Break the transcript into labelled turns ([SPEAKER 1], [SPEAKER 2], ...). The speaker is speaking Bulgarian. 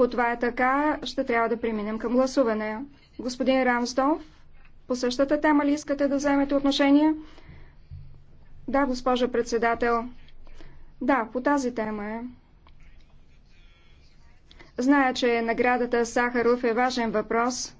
[SPEAKER 1] Ако това е така, ще трябва да преминем към гласуване. Господин Рамстов, по същата тема ли искате да вземете отношение? Да, госпожа председател. Да, по тази тема е. Зная, че наградата Сахаров е важен въпрос –